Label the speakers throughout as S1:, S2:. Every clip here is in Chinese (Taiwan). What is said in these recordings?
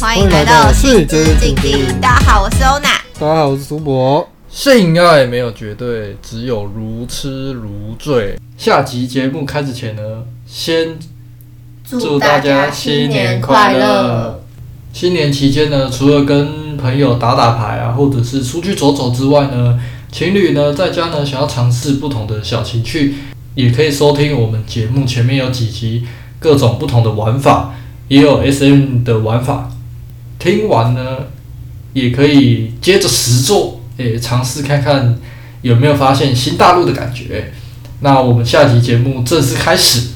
S1: 歡迎來到《性之靜
S2: 靜》。大家好，我是歐娜。大家好，我是蘇博。性愛沒有絕對，只有如癡如醉。下集節目開始前呢，先祝大家新年快樂！新年快樂。新年期間呢，除了跟朋友打打牌啊，或者是出去走走之外呢，情侶呢，在家呢，想要嘗試不同的小情趣。也可以收聽我們節目，前面有幾集各種不同的玩法，也有 SM 的玩法。聽完呢，也可以接着實作，誒，嘗試看看有沒有發現新大陸的感覺。那我們下集節目正式開始。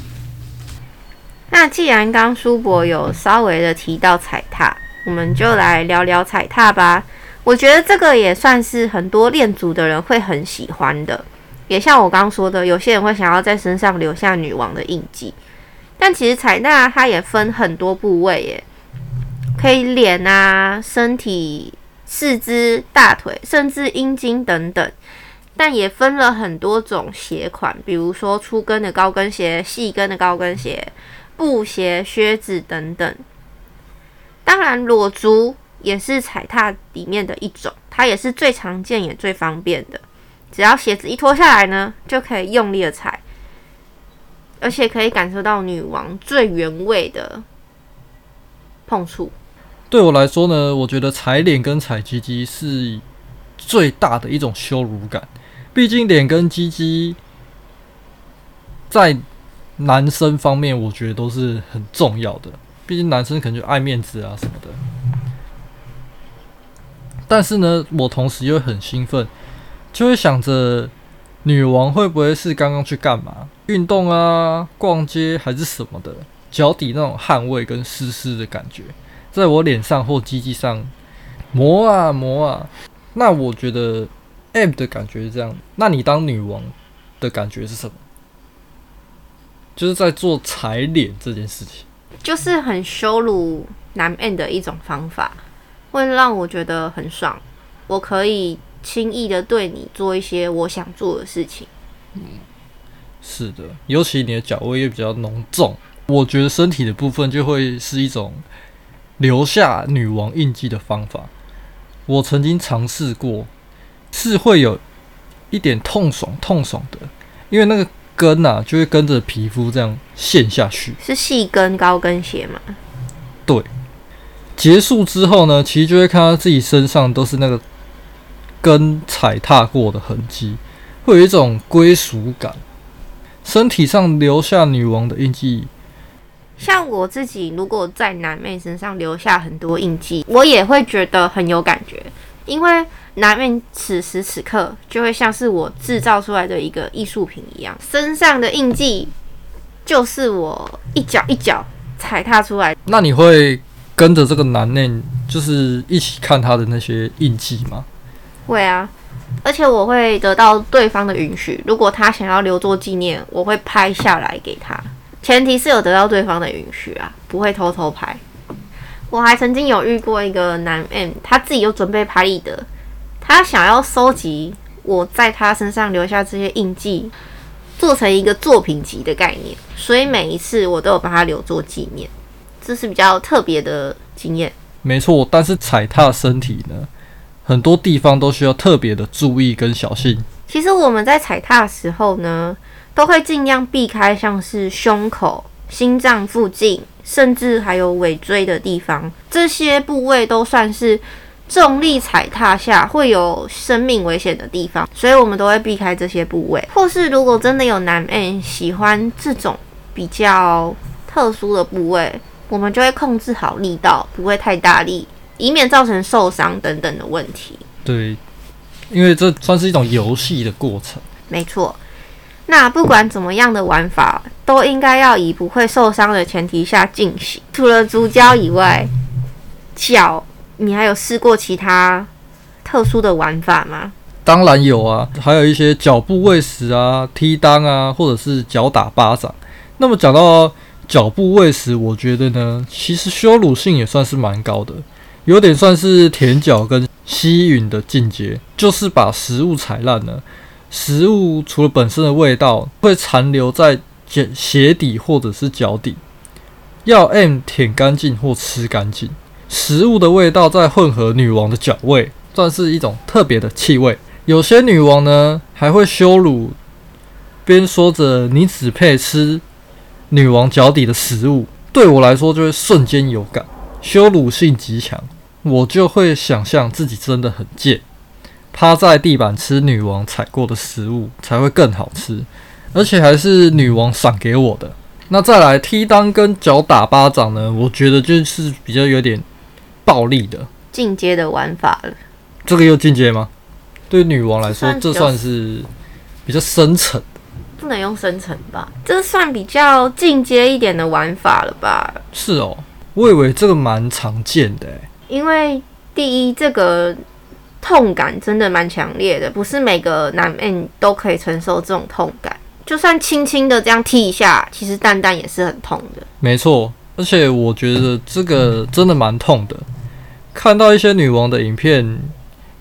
S1: 那既然剛蘇博有稍微的提到踩踏，我們就來聊聊踩踏吧。我覺得這個也算是很多戀足的人會很喜歡的。也像我剛剛說的，有些人會想要在身上留下女王的印記，但其實踩踏、啊、它也分很多部位耶、欸，可以臉啊、身體、四肢、大腿，甚至陰莖等等。但也分了很多種鞋款，比如說粗跟的高跟鞋、細跟的高跟鞋、布鞋、靴子等等。當然，裸足也是踩踏裡面的一種，它也是最常見也最方便的。只要鞋子一脫下來呢，就可以用力的踩，而且可以感受到女王最原味的碰觸。
S2: 對我來說呢，我覺得踩臉跟踩雞雞是最大的一種羞辱感。畢竟臉跟雞雞在男生方面，我覺得都是很重要的。畢竟男生可能就愛面子啊什麼的。但是呢，我同時又很興奮。就會想着，女王會不會是剛剛去幹嘛？運動啊，逛街還是什麼的？腳底那種汗味跟濕濕的感覺，在我臉上或 JJ 上磨啊磨啊。那我覺得 M 的感覺是這樣。那你當女王的感覺是什麼？就是在做踩臉這件事情，
S1: 就是很羞辱男 M 的一種方法，會讓我覺得很爽。我可以。輕易的對你做一些我想做的事情，
S2: 嗯，是的，尤其你的腳味也比較濃重，我覺得身體的部分就會是一種留下女王印記的方法。我曾經嘗試過，是會有一點痛爽，痛爽的，因為那個跟吶啊，就會跟着皮膚這樣陷下去。
S1: 是細跟高跟鞋嗎？
S2: 對，結束之後呢，其實就會看到自己身上都是那個。跟踩踏過的痕跡，會有一種歸屬感。身體上留下女王的印記，
S1: 像我自己，如果在男妹身上留下很多印記，我也會覺得很有感覺，因為男妹此時此刻就會像是我製造出來的一個藝術品一樣，身上的印記就是我一腳一腳踩踏出來的。
S2: 那你會跟着這個男妹，就是一起看他的那些印記嗎？
S1: 對啊，而且我會得到對方的允許。如果他想要留作紀念，我會拍下來給他。前提是有得到對方的允許啊，不會偷偷拍。我還曾經有遇過一個男 M，他自己有準備拍立得，他想要收集我在他身上留下這些印記，做成一個作品集的概念。所以每一次我都有幫他留作紀念，這是比較特別的經
S2: 驗。沒錯，但是踩踏身體呢？很多地方都需要特別的注意跟小心。
S1: 其實我們在踩踏的時候呢，都會盡量避開像是胸口、心臟附近，甚至還有尾椎的地方。這些部位都算是重力踩踏下會有生命危險的地方，所以我們都會避開這些部位。或是如果真的有男人喜歡這種比較特殊的部位，我們就會控制好力道，不會太大力。以免造成受傷等等的問題。
S2: 對，因為這算是一種遊戲的過程。
S1: 沒錯，那不管怎麼樣的玩法，都應該要以不會受傷的前提下進行。除了足交以外，腳你還有試過其他特殊的玩法嗎？
S2: 當然有啊，還有一些腳部餵食啊、踢襠啊，或者是腳打巴掌。那麼講到腳部餵食，我覺得呢，其實羞辱性也算是蠻高的。有點算是舔腳跟吸吮的境界，就是把食物踩爛了。食物除了本身的味道，會殘留在鞋底或者是腳底，要 M 舔乾淨或吃乾淨。食物的味道再混合女王的腳味，算是一種特別的氣味。有些女王呢還會羞辱，邊說着“你只配吃女王腳底的食物”，對我來說就會瞬間有感，羞辱性極強。我就會想象自己真的很賤，趴在地板吃女王踩過的食物才會更好吃，而且還是女王賞給我的。那再來踢襠跟腳打巴掌呢？我覺得就是比較有點暴力的
S1: 進階的玩法了。
S2: 這個又進階嗎？對女王來說，這算，這算是比較深層，
S1: 不能用深層吧？這算比較進階一點的玩法了吧？
S2: 是哦，我以為這個蠻常見的誒、欸。
S1: 因為第一，這個痛感真的蠻強烈的，不是每個男人都可以承受這種痛感。就算輕輕的這樣踢一下，其實蛋蛋也是很痛的。
S2: 沒錯，而且我覺得這個真的蠻痛的。嗯、看到一些女王的影片，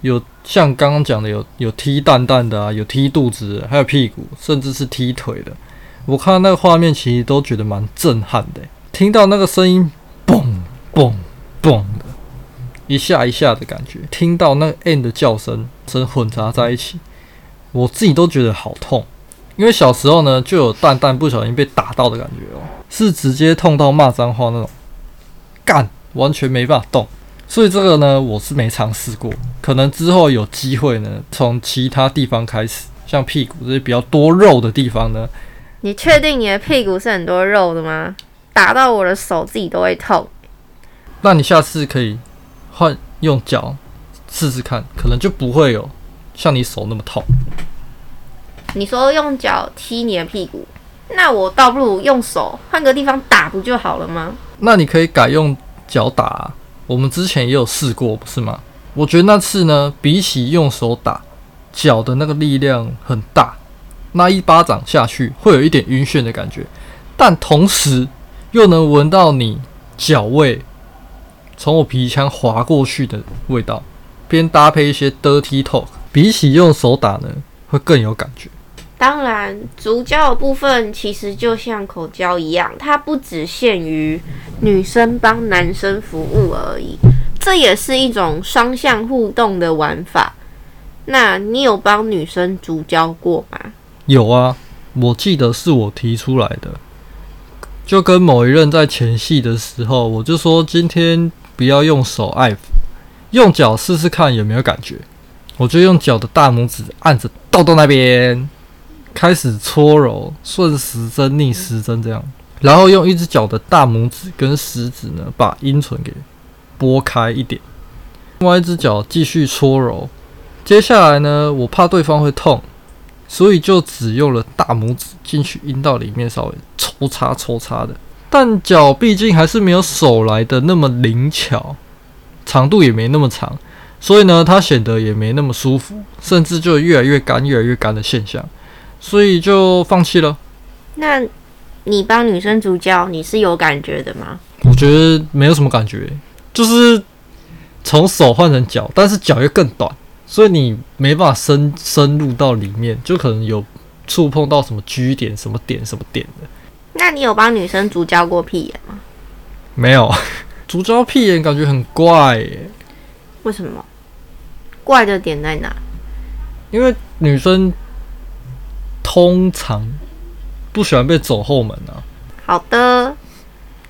S2: 有像剛剛講的有，有有踢蛋蛋的啊，有踢肚子的，還有屁股，甚至是踢腿的。我看到那個畫面，其實都覺得蠻震撼的、欸。聽到那個聲音，嘣嘣嘣的。一下一下的感覺，聽到那個“嗯”的叫聲聲混雜在一起，我自己都覺得好痛。因為小時候呢，就有蛋蛋不小心被打到的感覺哦，是直接痛到罵髒話那種，幹，完全沒辦法動。所以這個呢，我是沒嘗試過。可能之後有機會呢，從其他地方開始，像屁股這些比較多肉的地方呢。
S1: 你確定你的屁股是很多肉的嗎？打到我的手自己都會痛。
S2: 那你下次可以，換用腳試試看，可能就不會有像你手那麼痛。
S1: 你說用腳踢你的屁股，那我倒不如用手換個地方打不就好了嗎？
S2: 那你可以改用腳打啊，我們之前也有試過，不是嗎？我覺得那次呢，比起用手打，腳的那個力量很大，那一巴掌下去會有一點暈眩的感覺，但同時又能聞到你腳味。從我鼻腔滑過去的味道，邊搭配一些 dirty talk，比起用手打呢，會更有感覺。
S1: 當然，足交的部分其實就像口交一樣，它不只限於女生幫男生服務而已，這也是一種雙向互動的玩法。那你有幫女生足交過嗎？
S2: 有啊，我記得是我提出來的，就跟某一任在前戲的時候，我就說今天，不要用手按，用腳試試看有沒有感覺。我就用腳的大拇指按着豆豆那邊，開始搓揉，順時針、逆時針這樣。然後用一隻腳的大拇指跟食指呢，把陰唇給撥開一點，另外一隻腳繼續搓揉。接下來呢，我怕對方會痛，所以就只用了大拇指進去陰道裡面，稍微抽插抽插的。但腳畢竟還是沒有手來的那麼靈巧，長度也沒那麼長，所以呢，它顯得也沒那麼舒服，甚至就越來越乾、越來越乾的現象，所以就放棄了。
S1: 那你幫女生足交，你是有感覺的嗎？
S2: 我覺得沒有什麼感覺，就是從手換成腳，但是腳又更短，所以你沒辦法深深入到裡面，就可能有觸碰到什麼 G 點、什麼點、什麼點的。
S1: 那你有幫女生足交過屁眼嗎？
S2: 沒有，足交屁眼感覺很怪耶。
S1: 為什麼？怪的點在哪？
S2: 因為女生通常不喜歡被走後門啊。好的。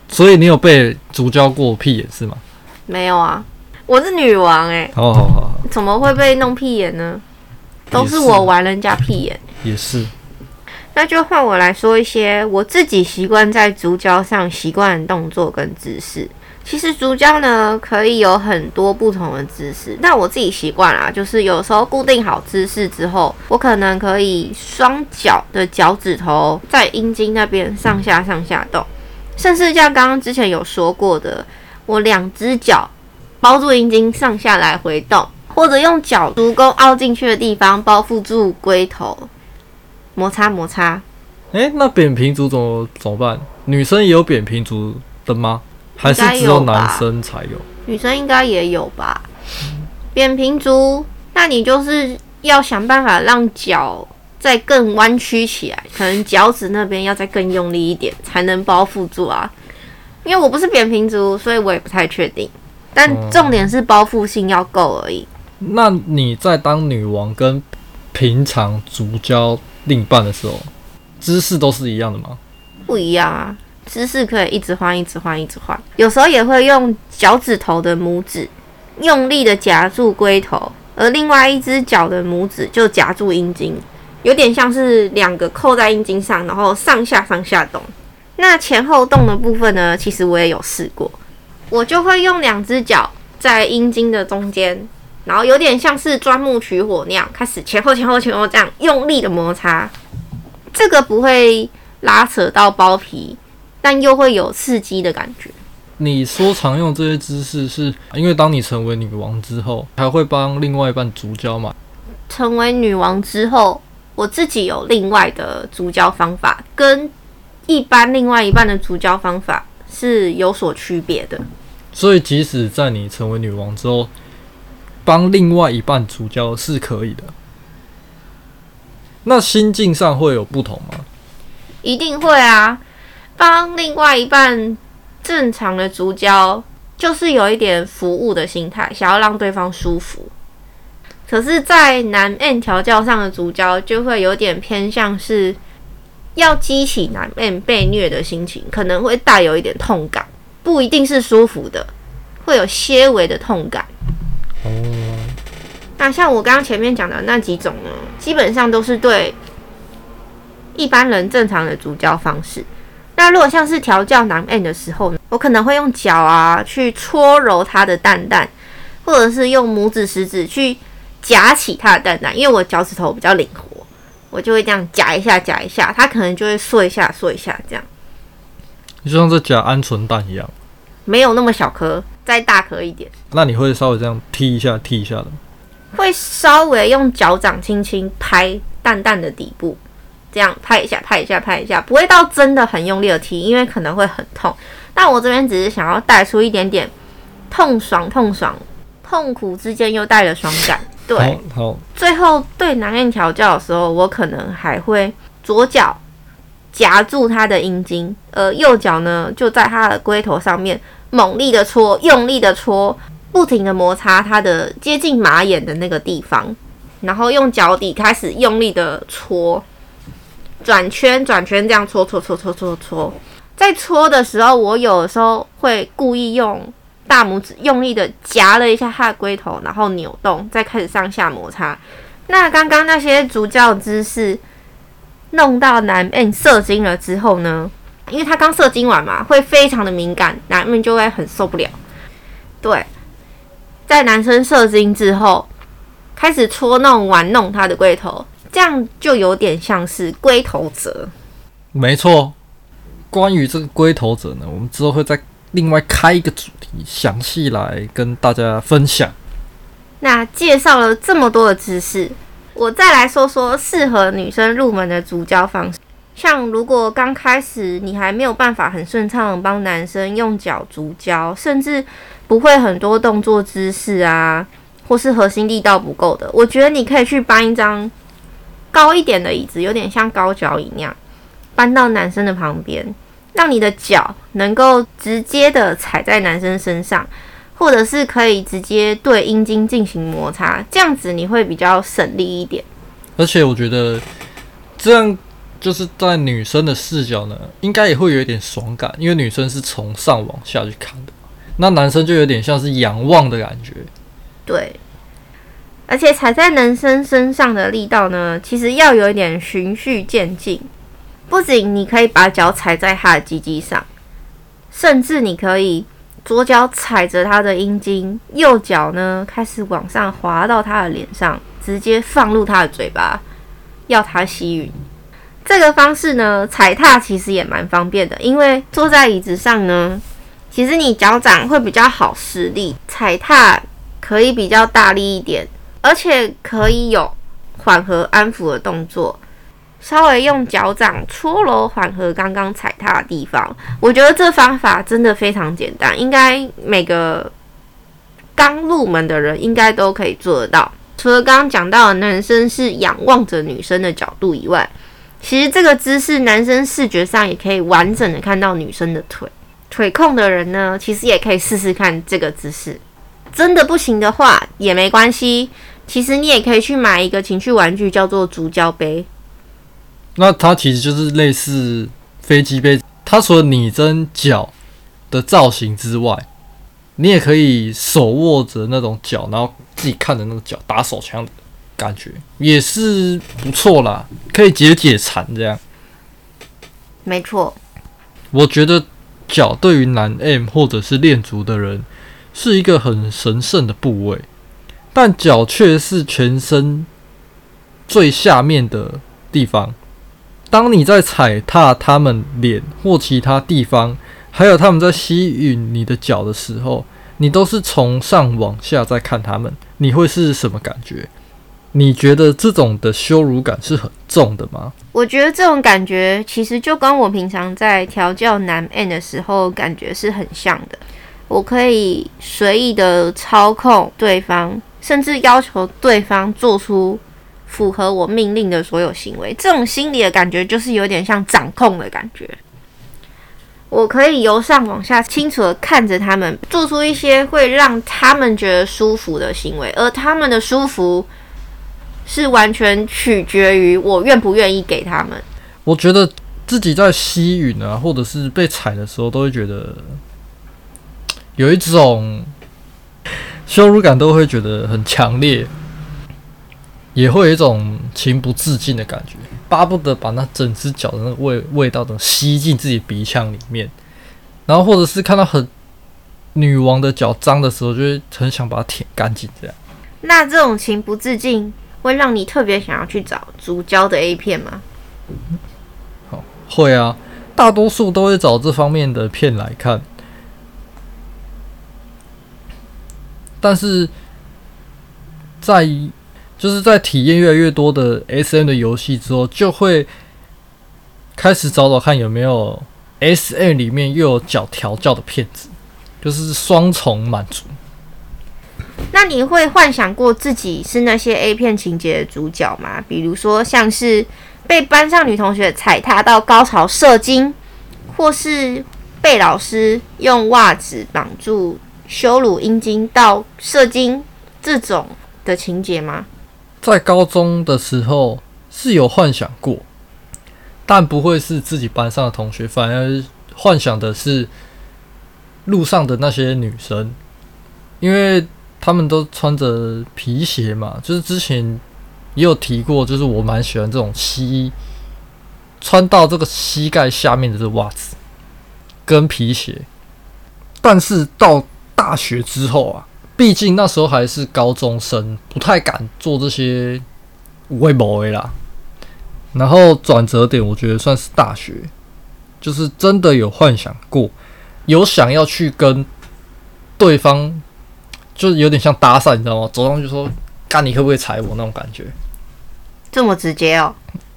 S2: 所以你有被足交過屁眼是嗎？
S1: 沒有啊，我是女王哎。好好好。怎麼會被弄屁眼呢？都是我玩人家屁眼。也是。也是。那就換我來說一些我自己習慣在足交上習慣的動作跟姿勢。其實足交呢，可以有很多不同的姿勢，但我自己習慣啦，就是有時候固定好姿勢之後，我可能可以雙腳的腳趾頭在陰莖那邊上下上下動，嗯、甚至像剛剛之前有說過的，我兩隻腳包住陰莖上下來回動，或者用腳足弓凹進去的地方包覆住龜頭。
S2: 摩擦摩擦，誒。那扁平足怎麼怎麼辦？女生也有扁平足的嗎？還是只有男生才有？有
S1: 女生應該也有吧？嗯、扁平足，那你就是要想辦法讓腳再更彎曲起來，可能腳趾那邊要再更用力一點，才能包覆住啊。因為我不是扁平足，所以我也不太確定。
S2: 但重點
S1: 是包覆性要夠而已。嗯、
S2: 那你在當女王跟平常足交，另一半的時候，姿勢都是一樣的嗎？
S1: 不一樣啊，姿勢可以一直換，一直換，一直換。有時候也會用腳趾頭的拇指用力的夾住龜頭，而另外一只腳的拇指就夾住陰莖，有點像是兩個扣在陰莖上，然後上下上下動。那前後動的部分呢？其實我也有試過，我就會用兩只腳在陰莖的中間。然後有點像是鑽木取火那樣，開始前後前後前後這樣用力的摩擦，這個不會拉扯到包皮，但又會有刺激的感覺。
S2: 你說常用這些姿勢，是因為當你成為女王之後，還會幫另外一半足交嗎？
S1: 成為女王之後，我自己有另外的足交方法，跟一般另外一半的足交方法是有所區別的。
S2: 所以即使在你成為女王之後。幫另外一半足交是可以的，那心境上會有不同嗎？
S1: 一定會啊。幫另外一半正常的足交，就是有一點服務的心態，想要讓對方舒服。可是，在男 M 調教上的足交，就會有點偏向是要激起男 M 被虐的心情，可能會帶有一點痛感，不一定是舒服的，會有些微的痛感。那、啊、像我剛剛前面講的那幾種呢，基本上都是對一般人正常的足交方式。那如果像是調教男 M 的時候呢，我可能會用腳啊去搓揉他的蛋蛋，或者是用拇指食指去夾起他的蛋蛋，因為我腳趾頭比較靈活，我就會這樣夾一下夾一下，他可能就會縮一下縮一下這樣。
S2: 你就像在夾鵪鶉蛋一樣，
S1: 沒有那麼小顆，再大顆一
S2: 點。那你會稍微這樣踢一下踢一下的。
S1: 會稍微用腳掌輕輕拍蛋蛋的底部，這樣拍一下，拍一下，拍一下，不會到真的很用力的踢，因為可能會很痛。但我這邊只是想要帶出一點點痛爽，痛爽，痛苦之間又帶了爽感。對，好。最後對男人調教的時候，我可能還會左腳夾住他的陰莖，而右腳呢就在他的龜頭上面猛力的搓，用力的搓。不停的摩擦它的接近馬眼的那個地方，然後用腳底開始用力的搓，轉圈轉圈這樣搓搓搓搓搓搓，在搓的時候，我有的時候會故意用大拇指用力的夾了一下它的龜頭，然後扭動，再開始上下摩擦。那剛剛那些足交姿勢弄到男命、欸、射精了之後呢？因為他剛射精完嘛，會非常的敏感，男人就會很受不了。對。在男生射精之後，開始戳弄玩弄他的龜頭，這樣就有點像是龜頭者。
S2: 沒錯，關於這個龜頭者呢，我們之後會再另外開一個主題，詳細來跟大家分享。
S1: 那介紹了這麼多的知識，我再來說說適合女生入門的足交方式。像如果剛開始你還沒有辦法很順暢的幫男生用腳足交，甚至。不會很多動作姿勢啊，或是核心力道不夠的，我覺得你可以去搬一張高一點的椅子，有點像高腳椅那樣，搬到男生的旁邊，讓你的腳能夠直接的踩在男生身上，或者是可以直接對陰莖進行摩擦，這樣子你會比較省力一點。
S2: 而且我覺得這樣就是在女生的視角呢，應該也會有一點爽感，因為女生是從上往下去看的。那男生就有點像是仰望的感覺，
S1: 對，而且踩在男生身上的力道呢，其實要有一點循序漸進。不僅你可以把腳踩在他的雞雞上，甚至你可以左腳踩着他的陰莖，右腳呢開始往上滑到他的臉上，直接放入他的嘴巴，要他吸吮。這個方式呢，踩踏其實也蠻方便的，因為坐在椅子上呢。其實你腳掌會比較好施力，踩踏可以比較大力一點，而且可以有緩和安撫的動作，稍微用腳掌搓揉緩和剛剛踩踏的地方。我覺得這方法真的非常簡單，應該每個剛入門的人應該都可以做得到。除了剛剛講到的男生是仰望着女生的角度以外，其實這個姿勢男生視覺上也可以完整的看到女生的腿。腿控的人呢，其實也可以試試看這個姿勢。真的不行的話也沒關係，其實你也可以去買一個情趣玩具，叫做足交杯。
S2: 那它其實就是類似飛機杯，它除了擬真腳的造型之外，你也可以手握着那種腳，然後自己看着那個腳打手槍的感覺也是不錯啦，可以解解饞這樣。
S1: 沒錯錯，
S2: 我覺得。腳對於男 M 或者是戀足的人，是一個很神聖的部位，但腳卻是全身最下面的地方。當你在踩踏他們臉或其他地方，還有他們在吸吮你的腳的時候，你都是從上往下在看他們，你會是什麼感覺？你覺得這種的羞辱感是很重的嗎？
S1: 我覺得這種感覺其實就跟我平常在調教男奴的時候感覺是很像的。我可以隨意的操控對方，甚至要求對方做出符合我命令的所有行為。這種心理的感覺就是有點像掌控的感覺。我可以由上往下清楚的看着他們做出一些會讓他們覺得舒服的行為，而他們的舒服。是完全取決於我願不願意給他們。
S2: 我覺得自己在吸吮啊，或者是被踩的時候，都會覺得有一種羞辱感，都會覺得很強烈，也會有一種情不自禁的感覺，巴不得把那整隻腳的那個味味道都吸進自己鼻腔裡面。然後，或者是看到很女王的腳髒的時候，就會很想把它舔乾淨，這樣。
S1: 那這種情不自禁。會讓你特別想要去找足交的 A 片嗎？
S2: 好，會啊，大多數都會找這方面的片來看。但是在就是在體驗越來越多的 SM 的遊戲之後，就會開始找找看有沒有 SM 裡面又有腳調教的片子，就是雙重滿足。
S1: 那你會幻想過自己是那些 A 片情節的主角嗎？比如說，像是被班上女同學踩踏到高潮射精，或是被老師用襪子綁住羞辱陰莖到射精這種的情節嗎？
S2: 在高中的時候是有幻想過，但不會是自己班上的同學，反而幻想的是路上的那些女生。因為，他們都穿着皮鞋嘛，就是之前也有提過，就是我蠻喜歡這種西，穿到這個膝蓋下面的這個襪子跟皮鞋，但是到大學之後啊，畢竟那時候還是高中生，不太敢做這些有的沒的啦。然後轉折點，我覺得算是大學，就是真的有幻想過，有想要去跟對方。就是有點像搭訕，你知道嗎？走上去說“干你會不會踩我？”那種感覺，
S1: 這麼直接哦？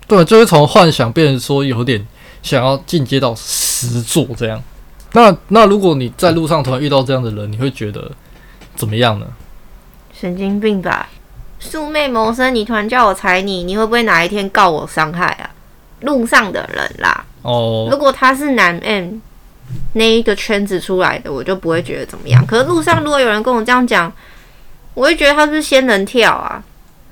S2: 對，就是從幻想變成說有點想要進階到實作。這樣。那那如果你在路上突然遇到這樣的人，你會覺得怎麼樣呢？
S1: 神經病吧！素昧謀生，你突然叫我踩你，你會不會哪一天告我傷害啊？路上的人啦。
S2: 哦。如果
S1: 他是男 M。那一個圈子出來的，我就不會覺得怎麼樣。可是，路上如果有人跟我這樣講，我會覺得他是仙人跳啊。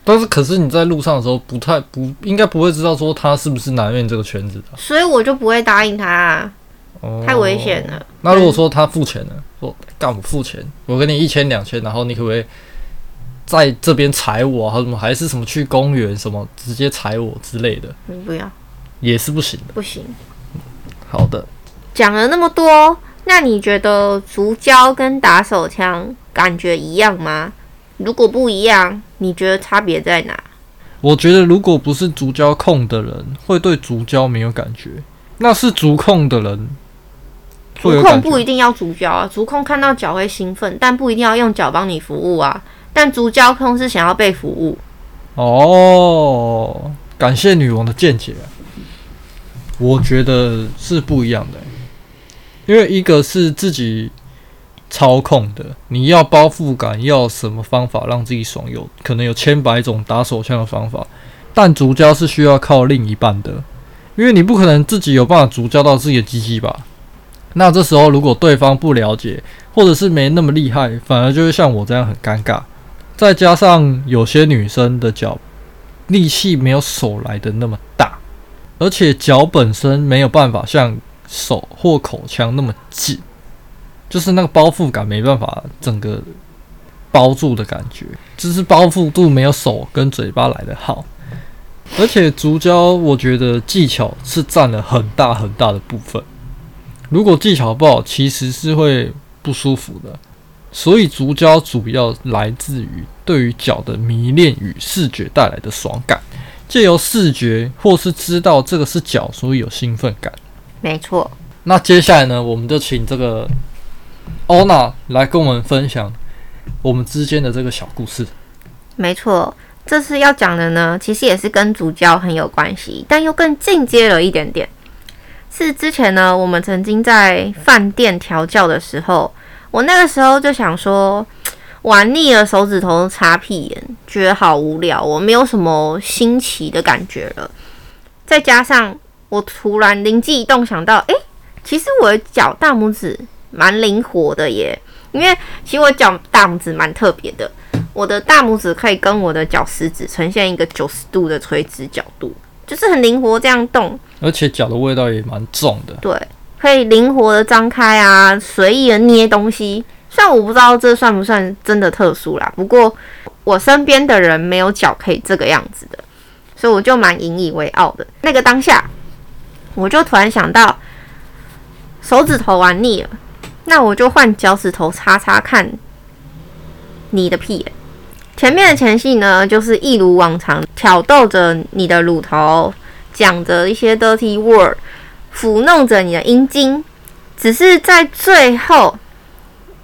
S2: 但是可是你在路上的時候不，不太不應該不會知道說他是不是南苑這個圈子的、
S1: 啊。所以我就不會答應他、啊，哦、
S2: 太危險了。那如果說他付錢呢？嗯、說幹嘛付錢？我給你一千兩千，然後你可不可以在這邊踩我？還怎麼還是什麼去公園什麼直接踩我之類的？你不要，也是不行的。不行。好的。
S1: 講了那麼多，那你覺得足交跟打手槍感覺一樣嗎？如果不一樣，你覺得差別在哪？
S2: 我覺得如果不是足交控的人，會對足交沒有感覺。那是足控的人，足控不
S1: 一定要足交啊。足控看到腳會興奮，但不一定要用腳幫你服務啊。但足交控是想要被服務。
S2: 哦，感謝女王的見解啊。我覺得是不一樣的欸。因為一個是自己操控的，你要包覆感，要什麼方法讓自己爽有？有可能有千百種打手槍的方法，但足交是需要靠另一半的，因為你不可能自己有辦法足交到自己的雞雞吧？那這時候如果對方不了解，或者是沒那麼厲害，反而就會像我這樣很尷尬。再加上有些女生的腳力氣沒有手來得那麼大，而且腳本身沒有辦法像。手或口腔那麼緊，就是那個包覆感沒辦法整個包住的感覺，只是包覆度沒有手跟嘴巴來的好。而且足交我覺得技巧是占了很大很大的部分。如果技巧不好，其實是會不舒服的。所以足交主要來自於對於腳的迷戀與視覺帶來的爽感，借由視覺或是知道這個是腳，所以有興奮感。沒錯，那接下來呢，我們就請這個歐娜來跟我們分享我們之間的這個小故事。
S1: 沒錯，這次要講的呢，其實也是跟足交很有關係，但又更進階了一點點。是之前呢，我們曾經在飯店調教的時候，我那個時候就想說，玩膩了手指頭插屁眼，覺得好無聊，我沒有什麼新奇的感覺了，再加上。我突然靈機一動，想到，誒、欸，其實我的腳大拇指蠻靈活的耶，因為其實我腳大拇指蠻特別的，我的大拇指可以跟我的腳食指呈現一個九十度的垂
S2: 直角度，
S1: 就是很靈活這樣動，
S2: 而且腳的味道也蠻重的，
S1: 對，可以靈活的張開啊，隨意的捏東西，雖然我不知道這算不算真的特殊啦，不過我身邊的人沒有腳可以這個樣子的，所以我就蠻引以為傲的那個當下。我就突然想到，手指頭玩、啊、膩了，那我就換腳趾頭擦擦看。你的屁眼。前面的前戲呢，就是一如往常挑逗着你的乳頭，講着一些 dirty word，撫弄着你的陰莖，只是在最後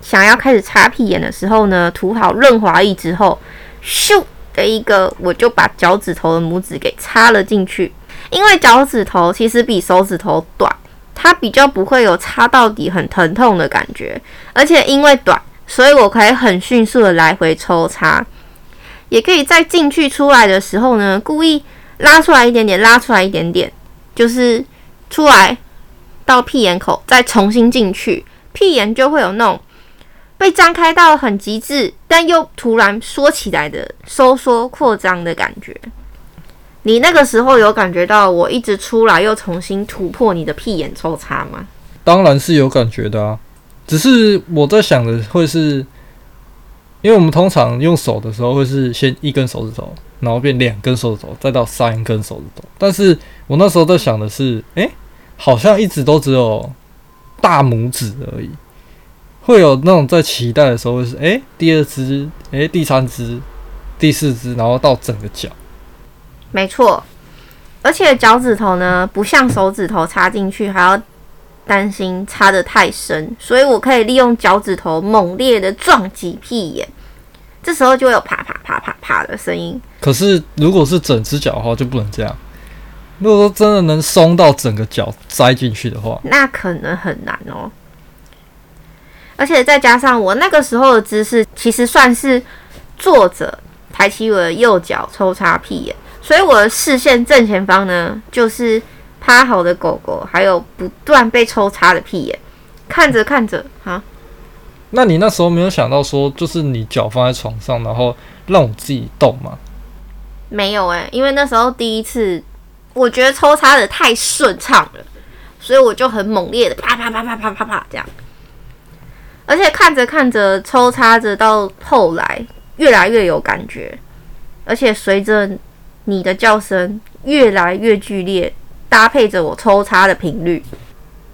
S1: 想要開始擦屁眼的時候呢，塗好潤滑液之後，咻的一個，我就把腳趾頭的拇指給插了進去。因為腳趾頭其實比手指頭短，它比較不會有插到底很疼痛的感覺，而且因為短，所以我可以很迅速的來回抽插，也可以在進去出來的時候呢，故意拉出來一點點，拉出來一點點，就是出來到屁眼口再重新進去，屁眼就會有那種被張開到很極致，但又突然縮起來的收縮擴張的感覺。你那個時候有感覺到我一直出來又重新突破你的屁眼抽插嗎？
S2: 當然是有感覺的啊，只是我在想的會是，因為我們通常用手的時候會是先一根手指頭，然後變兩根手指頭，再到三根手指頭。但是，我那時候在想的是，誒，好像一直都只有大拇指而已。會有那種在期待的時候，會是誒，第二隻，誒，第三隻，第四隻，然後到整個腳。
S1: 沒錯，而且腳趾頭呢，不像手指頭插進去還要擔心插得太深，所以我可以利用腳趾頭猛烈的撞擊屁眼，這時候就會有啪啪啪啪啪的聲音。
S2: 可是如果是整只腳的話，就不能這樣。如果說真的能鬆到整個腳塞進去的話，
S1: 那可能很難哦。而且再加上我那個時候的姿勢，其實算是坐着抬起我的右腳抽插屁眼。所以我的視線正前方呢，就是趴好的狗狗，還有不斷被抽插的屁眼，欸。看着看着，哈，
S2: 那你那時候沒有想到說，就是你腳放在床上，然後讓我自己動嗎？
S1: 沒有哎、欸，因為那時候第一次，我覺得抽插得太順暢了，所以我就很猛烈的啪啪啪啪啪啪啪這樣。而且看着看着抽插着，到後來越來越有感覺，而且隨着。你的叫聲越來越劇烈，搭配着我抽插的頻率，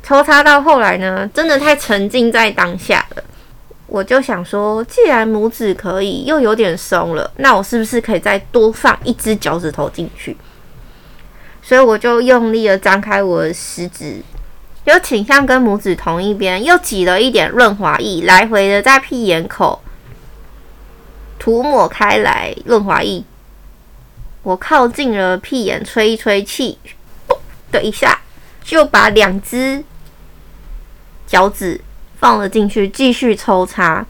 S1: 抽插到後來呢，真的太沉浸在當下了，我就想說，既然拇指可以，又有點鬆了，那我是不是可以再多放一隻腳趾頭進去？所以我就用力的張開我的食指，又傾向跟拇指同一邊，又擠了一點潤滑液，來回的在屁眼口塗抹開來，潤滑液。我靠近了屁眼，吹一吹氣，啵的一下，就把兩隻腳趾放了進去，繼續抽插。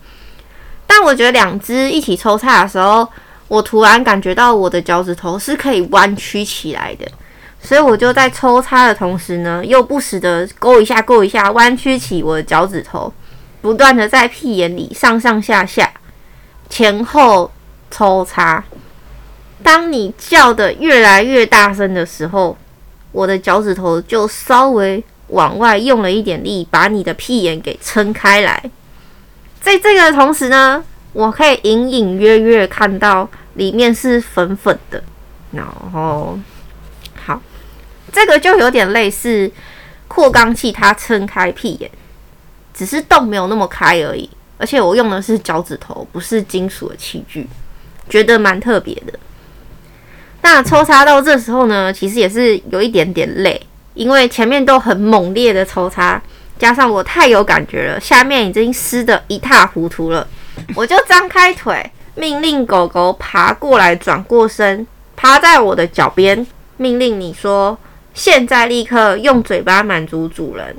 S1: 但我覺得兩隻一起抽插的時候，我突然感覺到我的腳趾頭是可以彎曲起來的，所以我就在抽插的同時呢，又不時的勾一下，勾一下，彎曲起我的腳趾頭，不斷的在屁眼裡上上下下、前後抽插。當你叫的越來越大聲的時候，我的腳趾頭就稍微往外用了一點力，把你的屁眼給撐開來。在這個同時呢，我可以隱隱約約看到裡面是粉粉的。然後，好，這個就有點類似擴肛器，它撐開屁眼，只是洞沒有那麼開而已。而且我用的是腳趾頭，不是金屬的器具，覺得蠻特別的。那抽插到這時候呢，其實也是有一點點累，因為前面都很猛烈的抽插，加上我太有感覺了，下面已經濕得一塌糊塗了，我就張開腿，命令狗狗爬過來，轉過身，趴在我的腳邊，命令你說，現在立刻用嘴巴滿足主人，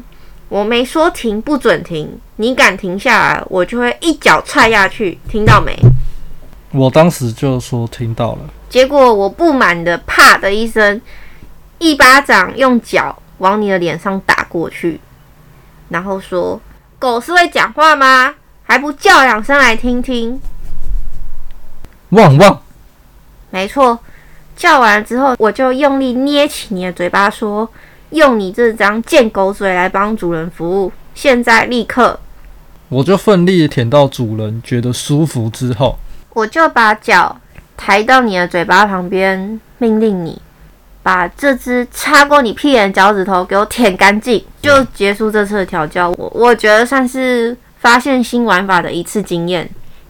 S1: 我沒說停，不准停，你敢停下來，我就會一腳踹下去，聽到沒？
S2: 我當時就說聽到了，
S1: 結果我不滿的啪的一聲，一巴掌用腳往你的臉上打過去，然後說：“狗是會講話嗎？還不叫兩聲來聽聽？”
S2: 汪汪！
S1: 沒錯，叫完了之後我就用力捏起你的嘴巴，說：“用你這張賤狗嘴來幫主人服務。”現在立刻，
S2: 我就奮力舔到主人覺得舒服之後。
S1: 我就把腳抬到你的嘴巴旁邊，命令你把這隻插過你屁眼的腳趾頭給我舔乾淨，就結束這次的調教。我我覺得算是發現新玩法的一次經驗。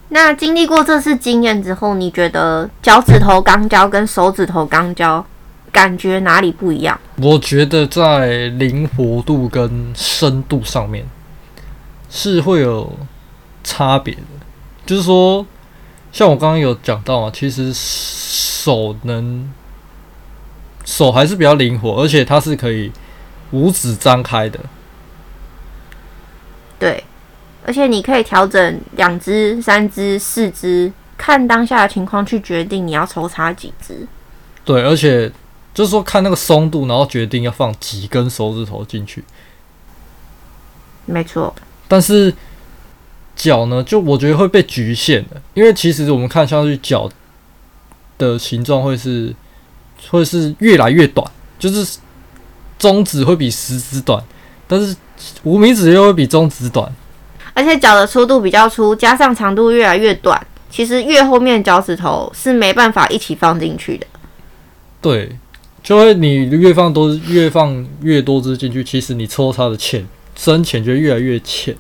S1: 那經歷過這次經驗之後，你覺得腳趾頭肛交跟手指頭肛交感覺哪裡不一樣？
S2: 我覺得在靈活度跟深度上面是會有差別的，就是說。像我剛剛有講到啊，其實手能手還是比較靈活，而且它是可以五指張開的。
S1: 對，而且你可以調整兩隻、三隻、四隻，看當下的情況去決定你要抽插幾隻。
S2: 對，而且就是說看那個鬆度，然後決定要放幾根手指頭進去。
S1: 沒錯錯。
S2: 但是。腳呢，就我覺得會被局限的。因為其實我們看下去，腳的形狀會是會是越來越短，就是中指會比食指短，但是無名指又會比中指短，
S1: 而且腳的粗度比較粗，加上長度越來越短，其實越後面腳趾頭是沒辦法一起放進去的。
S2: 對，就會你越放多，越放越多隻進去，其實你抽插的淺，深淺就越來越淺。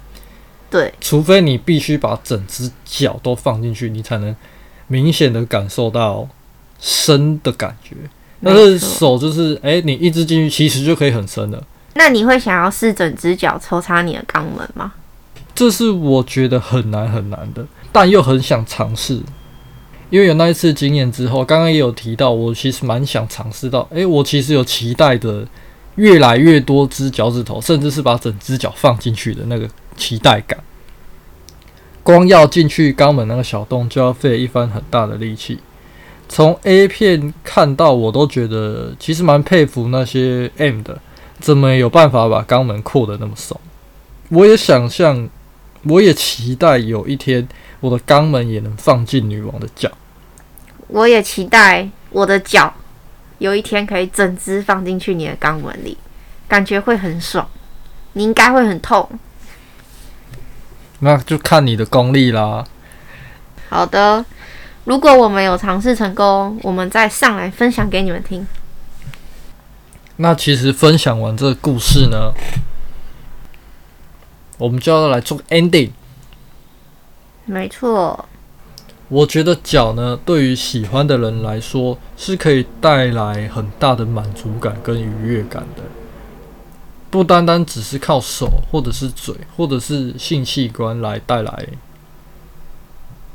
S2: 對，除非你必須把整隻腳都放進去，你才能明顯的感受到深的感覺。沒錯。但是手就是，誒、欸，你一直進去其實就可以很深了。
S1: 那你會想要試整隻腳抽插你的肛門嗎？
S2: 這是我覺得很難很難的，但又很想嘗試，因為有那一次經驗之後，剛剛也有提到，我其實蠻想嘗試到，誒、欸，我其實有期待的。越來越多隻腳趾頭，甚至是把整隻腳放進去的那個期待感。光要進去肛門那個小洞，就要費一番很大的力氣。從 A 片看到，我都覺得其實蠻佩服那些 M 的，怎麼有辦法把肛門擴得那麼鬆？我也想象，我也期待有一天我的肛門也能放進女王的腳。
S1: 我也期待我的腳。有一天可以整只放進去你的肛門裡，感覺會很爽。你應該會很痛。
S2: 那就看你的功力啦。
S1: 好的，如果我們有嘗試成功，我們再上來分享給你們聽。
S2: 那其實分享完這個故事呢，我們就要來做 ending。
S1: 沒錯。
S2: 我覺得腳呢，對於喜歡的人來說是可以帶來很大的滿足感跟愉悅感的，不單單只是靠手或者是嘴或者是性器官來帶來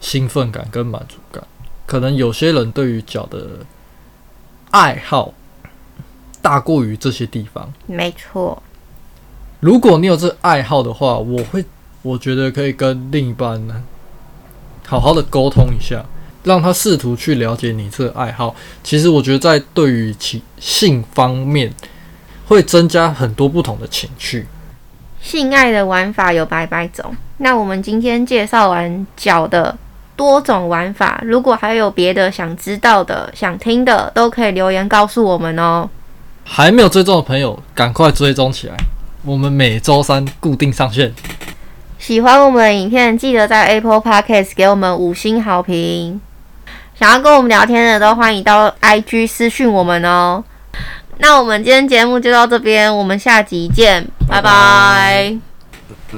S2: 興奮感跟滿足感。可能有些人對於腳的愛好大過於這些地方。
S1: 沒錯，
S2: 如果你有這愛好的話，我會我覺得可以跟另一半呢。好好的溝通一下，讓他試圖去了解你這個愛好。其實我覺得，在對於情性方面，會增加很多不同的情趣。
S1: 性愛的玩法有百百種。那我們今天介紹完腳的多種玩法，如果還有別的想知道的、想聽的，都可以留言告訴我們哦。
S2: 還沒有追蹤的朋友，趕快追蹤起來。我們每周三固定上線。
S1: 喜歡我們的影片，記得在 Apple Podcast 給我們五星好評。想要跟我們聊天的，都歡迎到 IG 私訊我們哦。那我們今天節目就到這邊，我們下集見，拜拜。